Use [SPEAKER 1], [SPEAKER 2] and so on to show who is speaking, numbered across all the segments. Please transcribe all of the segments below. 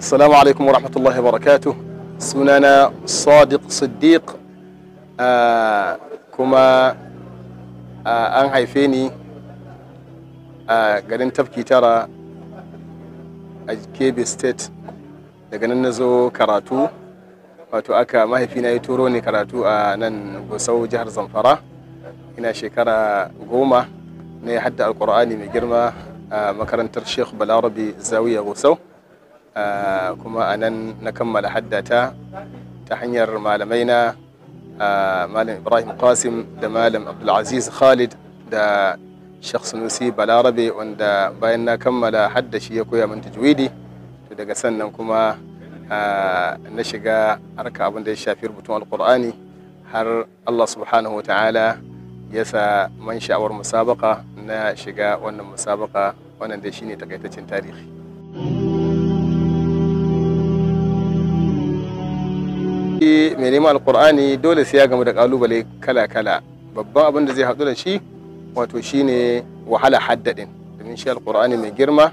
[SPEAKER 1] السلام عليكم ورحمة الله وبركاته اسمنا kuma صادق ah, haife ni كما آه أن هيفيني آه قرن تبكي daga nan nazo karatu wato aka mahaifina ya turo ni karatu a nan gusau jihar zamfara ina shekara goma na ya hadda alkur'ani mai girma a makarantar sheikh balarabe zawiya gusau Ah, kuma a nan na kammala haddata ta hanyar malamai na ah, malam ibrahim qasim da malam abdulaziz khalid da sheikh sunusi balarabe wanda bayan na kammala haddashi ya koya min tajwidi to daga sannan kuma ah, na shiga harka abin da ya shafi rubutun alkur'ani har allah subhanahu wa ta'ala ya sa man sha'awar musabaka na shiga wannan musabaka wannan da shine takaitaccen tarihi mai neman alkur'ani dole sai ya gamu da kalubale kala-kala babban abin da zai haɗu da shi wato shi ne wahala haddadin domin shi alkur'ani mai girma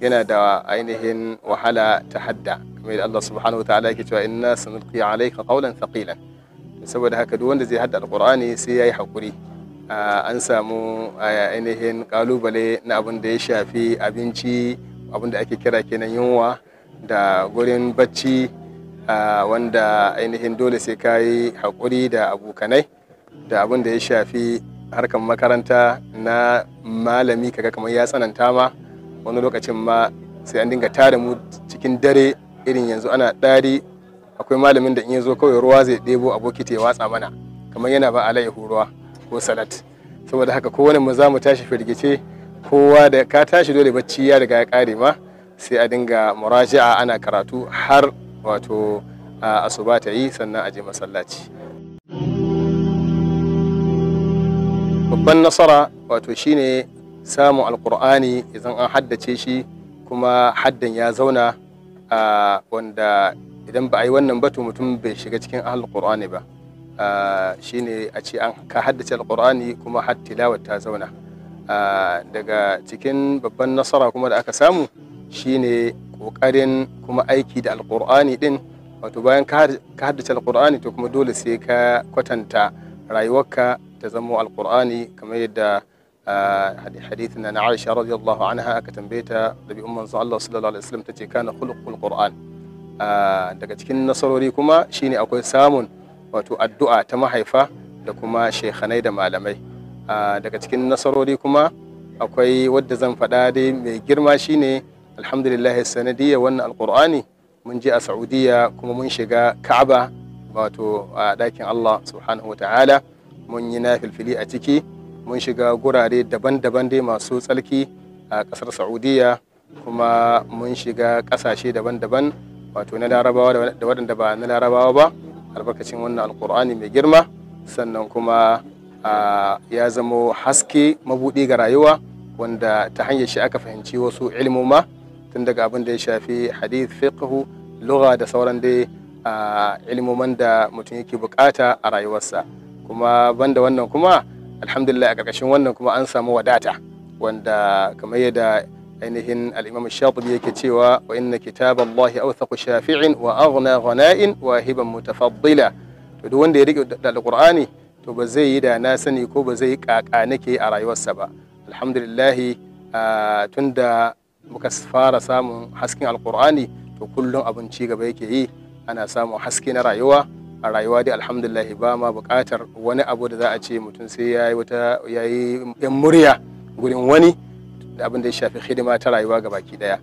[SPEAKER 1] yana da ainihin wahala ta hadda kamar yadda Allah subhanahu wataala yake cewa inna sanulqi alayka qawlan thaqilan saboda haka duk wanda zai hadda alkur'ani sai yayi hakuri an samu ainihin kalubale na abin da ya shafi abinci abin da ake kira kenan yunwa da gurin bacci wanda ainihin dole sai ka yi haƙuri da abokanai da abin da ya shafi harkar makaranta na malami kaga kamar ya tsananta ma wani lokacin ma sai an dinga tare mu cikin dare irin yanzu ana ɗari akwai malamin da in ya zo kawai ruwa zai ɗebo bokiti ya watsa mana kamar yana ba alayyahu ruwa ko salat saboda haka kowane mu za mu tashi firgice kowa da ka tashi dole bacci ya riga ya kare ma sai a dinga muraji'a ana karatu har wato asuba ta yi sannan a je masallaci babban nasara wato shine samun alkur'ani idan an haddace shi kuma haddan ya zauna a wanda idan ba a yi wannan batu mutum bai shiga cikin alkur'ani ba shine a ce an ka haddace alkur'ani kuma har tilawar ta zauna daga cikin babban nasara kuma da aka samu shine ƙoƙarin kuma aiki da alkur'ani ɗin wato bayan ka haddace alƙur'ani to kuma dole sai ka kwatanta rayuwarka ta zamo alƙur'ani kamar yadda ah, hadithin na Aisha radiyallahu anha aka tambaye ta dabi'un manzo Allah sallallahu alaihi wasallam tace kana khuluqul qur'an ah, daga cikin nasarori kuma shine akwai samun wato addu'a ta mahaifa da kuma shekhanai da malamai ah, daga cikin nasarori kuma akwai wadda zan faɗa dai mai girma shine ne alhamdulillah sanadiyya wannan alkur'ani mun je a saudiya kuma mun shiga ka'aba wato a ɗakin allah subhanahu ta'ala mun yi na filfili a ciki mun shiga gurare daban-daban dai masu tsalki a ƙasar saudiya kuma mun shiga ƙasashe daban-daban wato na larabawa da waɗanda ba na larabawa ba albarkacin wannan alkur'ani mai girma sannan kuma ya zamo haske mabuɗi ga rayuwa wanda ta hanyar shi aka fahimci wasu ilmoma tun daga abin da ya shafi hadith fiqhu lugha da sauran dai ilmoman da mutum yake bukata a rayuwarsa kuma banda wannan kuma alhamdulillah a wannan kuma an samu wadata wanda kamar yadda ainihin alimam imam yake cewa wa inna kitaballahi awthaqu shafi'in wa aghna ghana'in wa hiban mutafaddila to duk wanda ya rike da alqur'ani to ba zai yi da na sani ko ba zai kaka nake a rayuwarsa ba alhamdulillah tunda muka fara samun hasken alkur'ani to kullum abin ci gaba yake yi ana samun haske na rayuwa a rayuwa dai alhamdulillah ba ma buƙatar wani abu da za a ce mutum sai ya yi wata ya yi yan murya gurin wani abin da ya shafi hidima ta rayuwa ga baki ɗaya.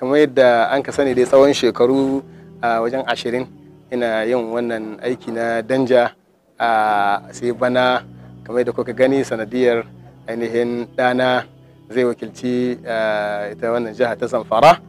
[SPEAKER 1] kamar yadda an ka sani dai tsawon shekaru a wajen ashirin ina yin wannan aiki na danja a sai bana kamar da kuka gani sanadiyar ainihin ɗana zai wakilci eh, ita wannan jiha ta zamfara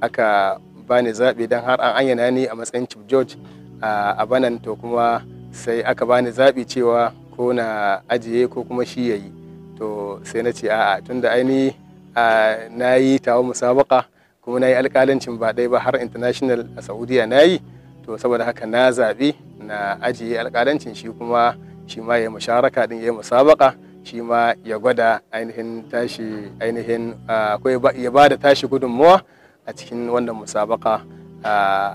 [SPEAKER 1] aka bani zaɓi don har an ayyana ni a matsayin chief george eh, a banan to kuma sai aka bani zaɓi cewa ko na ajiye ko kuma shi ya yi to sai na ce a'a da aini eh, na yi tawo musabaka kuma na yi alƙalancin ba ɗaya ba har international a saudiya na yi to saboda haka na zaɓi na ajiye alkalancin shi kuma shi ma ya musharaka din ya musabaka shi ma ya gwada ainihin tashi ainihin akwai ya ba da tashi gudunmuwa a cikin wannan musabaka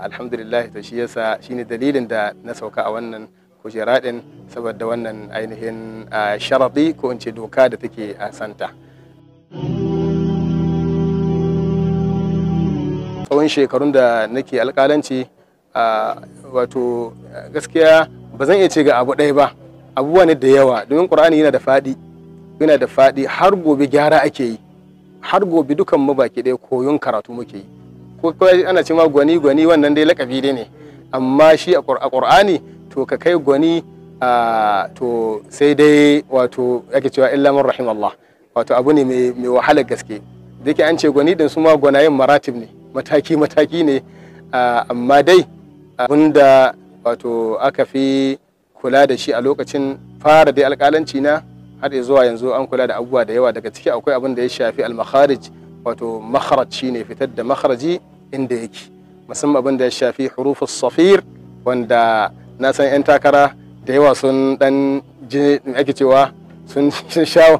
[SPEAKER 1] alhamdulillah to shi yasa shine dalilin da na sauka a wannan kujera din saboda wannan ainihin sharadi ko in ce doka da take a santa tsawon shekarun da nake alkalanci wato gaskiya ba zan iya ce ga abu ɗaya ba abubuwa ne da yawa domin qur'ani yana da faɗi yana da faɗi har gobe gyara ake yi har gobe dukan mu baki ɗaya koyon karatu muke yi ko kawai ana cewa gwani gwani wannan dai lakabi dai ne amma shi a qur'ani to ka kai gwani to sai dai wato ake cewa illa man rahim Allah wato abu ne mai wahalar gaske Daki an ce gwani din su ma gwanayen maratib ne mataki mataki ne amma dai abinda wato aka fi kula da shi a lokacin fara dai alƙalanci na har zuwa yanzu an kula da abubuwa da yawa daga ciki akwai abin da ya shafi al-makharij wato makharaj shine fitar da makharaji inda yake musamman abin da ya shafi hurufus safir wanda na san 'yan takara da yawa sun dan ji ake cewa sun sha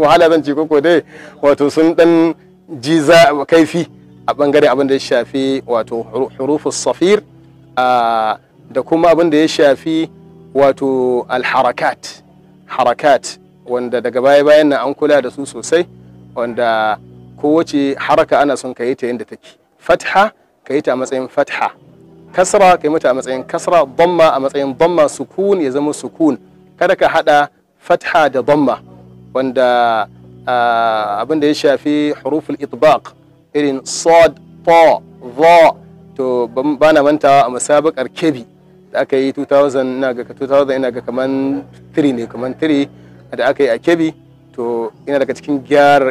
[SPEAKER 1] wahala zan ci koko dai wato sun dan ji za kaifi a bangaren abin da ya shafi wato hurufus safir da kuma abin da ya shafi wato alharakat harakat wanda daga baya bayan nan an kula da su sosai wanda kowace haraka ana son ka yi ta yadda take fatha ka yi ta a matsayin fatha kasra ka yi mata a matsayin kasra bamma a matsayin bamma sukun ya zama sukun kada ka hada fatha da bamma wanda abin da ya shafi huruful itbaq irin sad ta za to ba na mantawa a musabaqar kebi da aka yi 2000 ina ga 2000 ina ga kaman 3 ne kaman 3 da aka yi a kebi to ina daga cikin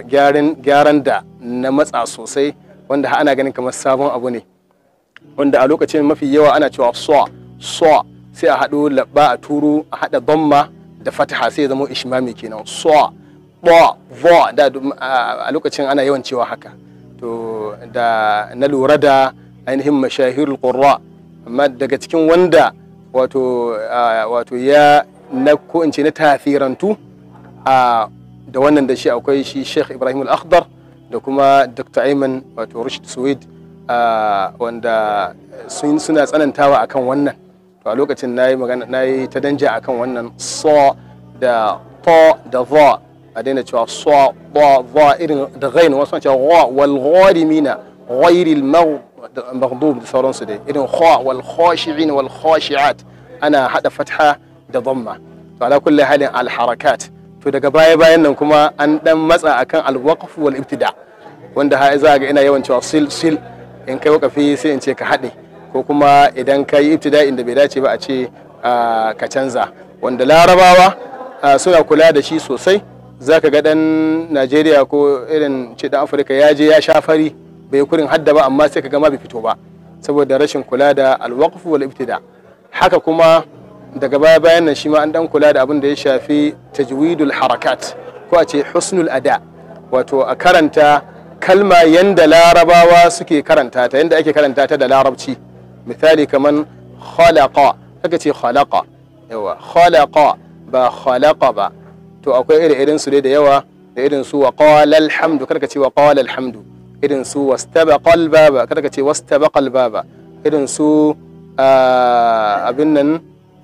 [SPEAKER 1] gyaran da na matsa sosai wanda ana ganin kamar sabon abu ne wanda a lokacin mafi yawa ana cewa Soa Soa sai a haɗo labba a turu a haɗa bamma da fataha sai ya zama ishimami kenan Soa bo vo da a lokacin ana yawan cewa haka to da na lura da ainihin mashahirul qurra amma daga cikin wanda wato wato ya na ko in ce na tafirantu a da wannan da shi akwai shi Sheikh Ibrahim Al-Akhdar da kuma Dr. Ayman wato Rashid suwid wanda suna tsanantawa akan wannan to a lokacin na magana ta danja akan wannan so da to da za a daina cewa so ba za irin da gain wasu cewa wal gharimina ghairil maghdub maghdub da sauransu dai irin kha wal khashi'in wal khashi'at ana hada fatha da dhamma to halin al to daga baya bayan nan kuma an dan matsa akan al wal ibtida wanda ha za ga ina yawan cewa sil sil in kai wakafi sai in ce ka hade ko kuma idan ka yi ibtida'in da bai dace ba a ce ka canza wanda larabawa suna kula da shi sosai zaka ga dan Najeriya ko irin ce da Afirka ya je ya sha fari bai kurin hadda ba amma sai ka gama bai fito ba saboda rashin kula da alwaqf wal ibtida haka kuma daga baya bayan nan shi ma an dan kula da abin da ya shafi tajwidul harakat ko a ce husnul ada wato a karanta kalma yanda larabawa suke karanta ta yanda ake karanta ta da larabci misali kaman khalaqa aka ce khalaqa yawa khalaqa ba khalaqa ba to akwai iri irin su da yawa da irin su wa qala alhamdu karka ce wa qala alhamdu irin su wastabaqal baba kada ka ce irin su ah, abin nan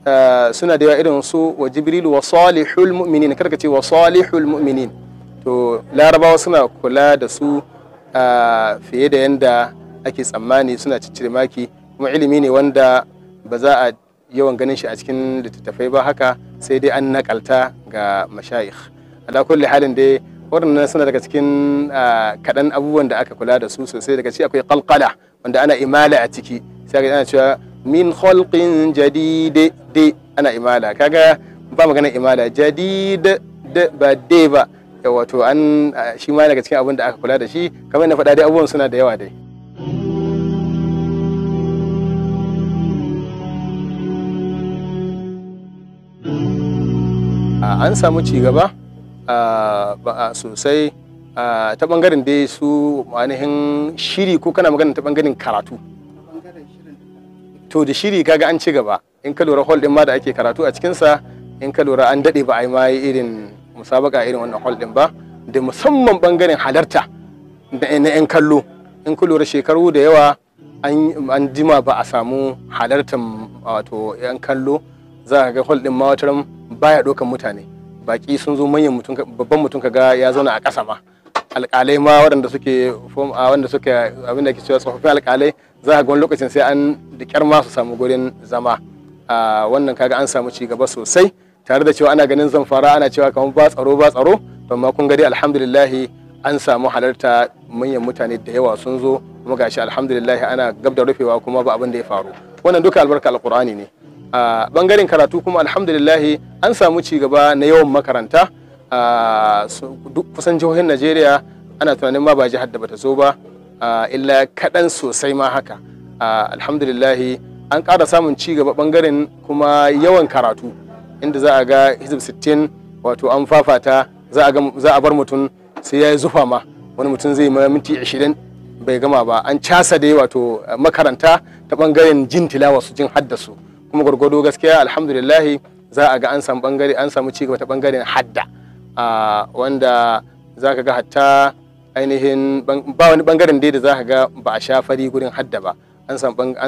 [SPEAKER 1] ah, suna da yawa irin su wa jibril wa salihul mu'minin kada ka wa salihul mu'minin to larabawa suna kula da su ah, fiye da yanda ake tsammani suna ciccire maki kuma ilimi ne wanda ba za a yawan ganin shi a cikin littattafai ba haka sai dai an nakalta ga mashayikh ala kulli halin dai waɗannan suna daga cikin ah, kaɗan abubuwan da aka kula da su sosai daga ci akwai kalkala wanda ana imala a ciki sai ga ana cewa min khalqin jadid de ana imala kaga ba magana imala jadid de ba de ba wato an ah, shi ma daga cikin abun da aka kula da shi kamar na faɗa dai abubuwan suna da yawa dai ah, an samu ci gaba sosai ta bangaren dai su ainihin shiri ko kana magana ta bangaren karatu to da shiri kaga an ci gaba in ka lura hall din ma da ake karatu a cikinsa in ka lura an daɗe ba a yi ma irin musabaka irin wannan hall din ba da musamman bangaren halarta na 'yan kallo in ka lura shekaru da yawa an jima ba a samu halartar wato 'yan kallo za a ga hall din ma wataran baya ɗaukan mutane baki sun zo manyan mutum babban mutum kaga ya zauna a ƙasa ma alƙalai ma waɗanda suke a wanda suke abin da ke cewa tsofaffin alƙalai za ga wani lokacin sai an da kyar ma su samu gurin zama a wannan kaga an samu ci gaba sosai tare da cewa ana ganin zamfara ana cewa kamar ba tsaro ba tsaro to amma kun gari alhamdulillah an samu halarta manyan mutane da yawa sun zo kuma gashi alhamdulillah ana gab da rufewa kuma ba abin da ya faru wannan duka albarka alqur'ani ne a bangaren karatu kuma alhamdulillahi an samu cigaba na yawan makaranta a kusan jihohin najeriya ana tunanin ma ba jihar da bata zo ba illa kaɗan sosai ma haka alhamdulillahi an ƙara samun ci gaba bangaren kuma yawan karatu inda za a ga hizib 60 wato an fafata za a bar mutum sai ya yi zufa ma wani mutum zai ma minti 20 bai gama ba an casa dai wato makaranta ta bangaren jin tilawa su jin haddasu kuma gwargwado gaskiya alhamdulillahi za a ga an samu bangare an samu cigaba ta bangaren hadda wanda za ka ga hatta ainihin ba wani bangaren dai da za ka ga ba a sha fari gurin hadda ba an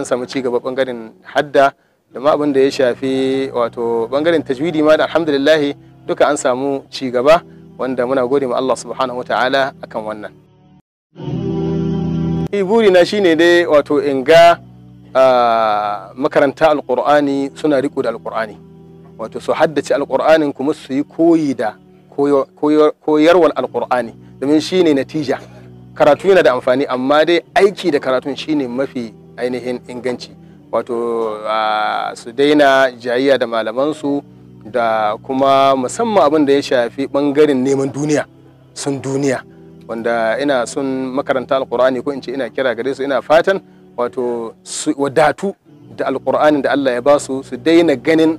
[SPEAKER 1] samu cigaba bangaren hadda da ma abin da ya shafi wato bangaren tajwidi ma da alhamdulillahi duka an samu cigaba wanda muna gode ma Allah subhanahu wataala akan wannan. Buri na shine dai wato in ga makaranta alkur'ani suna riko da alkur'ani wato su haddace alkur'anin kuma su yi koyi da koyarwar alkur'ani domin shi ne natija karatu yana da amfani amma dai aiki da karatun shi ne mafi ainihin inganci wato su daina jayayya da malamansu da kuma musamman abin da ya shafi bangaren neman duniya sun duniya wanda ina sun makaranta alkur'ani ko in ce ina kira gare su ina fatan wato su wadatu da alkurani da Allah ya ba su su daina ganin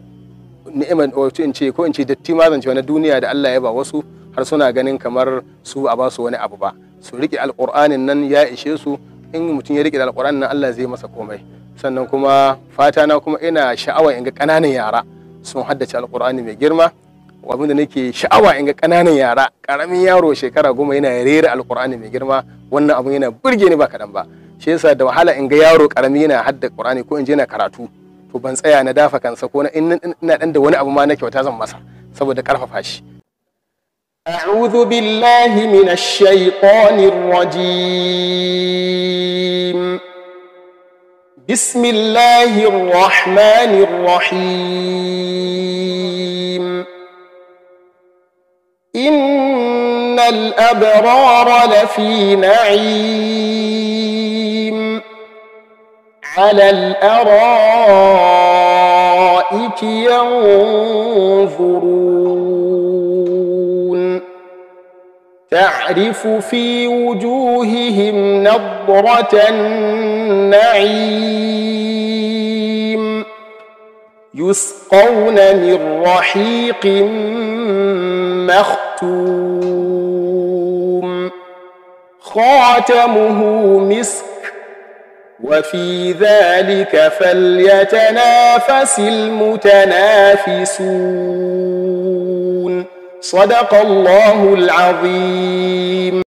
[SPEAKER 1] ni'imar wato in ce ko in ce datti ma zance wani duniya da Allah ya ba wasu har suna ganin kamar su a ba su wani abu ba su rike alkur'anin nan ya ishe su in mutum ya rike alkur'anin nan Allah zai masa komai sannan kuma fata na kuma ina sha'awa in ga ƙananan yara sun haddace alkur'ani mai girma abinda nake sha'awa in ga ƙananan yara ƙaramin yaro shekara goma yana rera alkur'ani mai girma wannan abun yana burge ni ba kaɗan ba shi yasa da wahala in ga yaro karami yana hadda qur'ani ko in je na karatu to ban tsaya na dafa kansa ko na ina dan da wani abu ma nake wata zan masa saboda karfafa shi أعوذ بالله من الشيطان الرجيم بسم الله الرحمن الرحيم إن الأبرار لفي نعيم على الارائك ينظرون تعرف في وجوههم نضره النعيم يسقون من رحيق مختوم خاتمه مسك وفي ذلك فليتنافس المتنافسون صدق الله العظيم